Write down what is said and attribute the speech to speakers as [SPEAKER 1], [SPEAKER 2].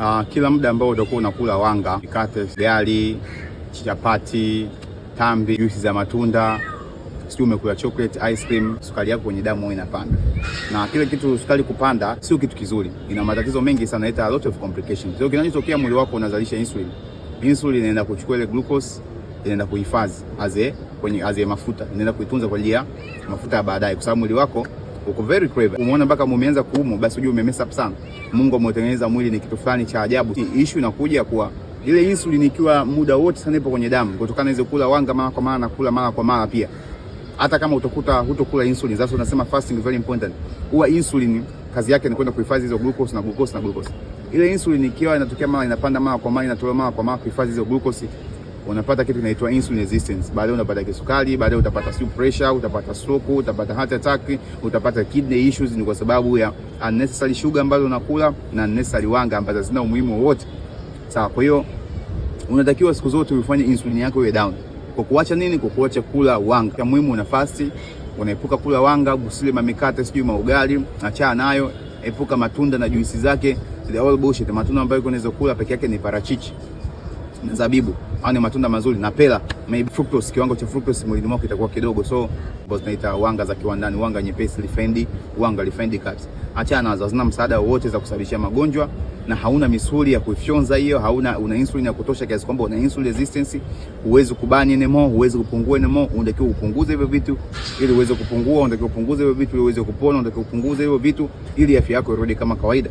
[SPEAKER 1] Uh, kila muda ambao utakuwa unakula wanga, mikate, gari, chapati, tambi, juisi za matunda, sio umekula chocolate, ice cream, sukari yako kwenye damu inapanda. Na kile kitu sukari kupanda sio kitu kizuri, ina matatizo mengi sana, inaita a lot of complications. Sio kinachotokea mwili wako unazalisha insulin. Insulin inaenda kuchukua ile glucose inaenda kuhifadhi aze kwenye aze mafuta, inaenda kuitunza kwa ajili ya mafuta ya baadaye, kwa sababu mwili wako uko very clever, umeona mpaka umeanza kuumwa, basi unajua ume mess up sana. Mungu ametengeneza mwili ni kitu fulani cha ajabu. Issue inakuja kuwa ile insulin ikiwa muda wote sana ipo kwenye damu, kutokana hizo kula wanga mara kwa mara na kula mara kwa mara pia hata kama utakuta hutokula insulin, sasa tunasema fasting very important. Huwa insulin kazi yake ni kwenda kuhifadhi hizo glucose na glucose na glucose. Ile insulin ikiwa inatokea mara inapanda mara kwa mara, inatolewa mara kwa mara kuhifadhi hizo glucose unapata kitu kinaitwa insulin resistance, baadaye unapata kisukari, baadaye utapata sugar pressure, utapata stroke, utapata heart attack, utapata kidney issues. Ni kwa sababu ya unnecessary sugar ambazo unakula na unnecessary wanga ambazo hazina umuhimu wote. Sawa, kwa hiyo unatakiwa siku zote uifanye insulin yako iwe down kwa kuacha nini? Kwa kuacha kula wanga. Kwa muhimu una fast, unaepuka kula wanga, usile mamikate, sijui maugali, achana nayo, epuka matunda na juisi zake. the all bullshit. Matunda ambayo unaweza kula peke yake ni parachichi na zabibu au ni matunda mazuri na pela, maybe fructose, kiwango cha fructose mwilini mwako kitakuwa kidogo, so tunaita wanga za kiwandani, wanga nyepesi, refined, wanga refined cuts. Achana nazo, hazina msaada wowote za kusababisha magonjwa na hauna misuli ya kuifyonza hiyo, hauna una insulin ya kutosha kiasi kwamba una insulin resistance, huwezi kubani anymore, huwezi kupungua anymore. Unatakiwa upunguze hivyo vitu ili uweze kupungua, unatakiwa upunguze hivyo vitu ili uweze kupona, unatakiwa upunguze hivyo vitu ili afya yako irudi kama kawaida.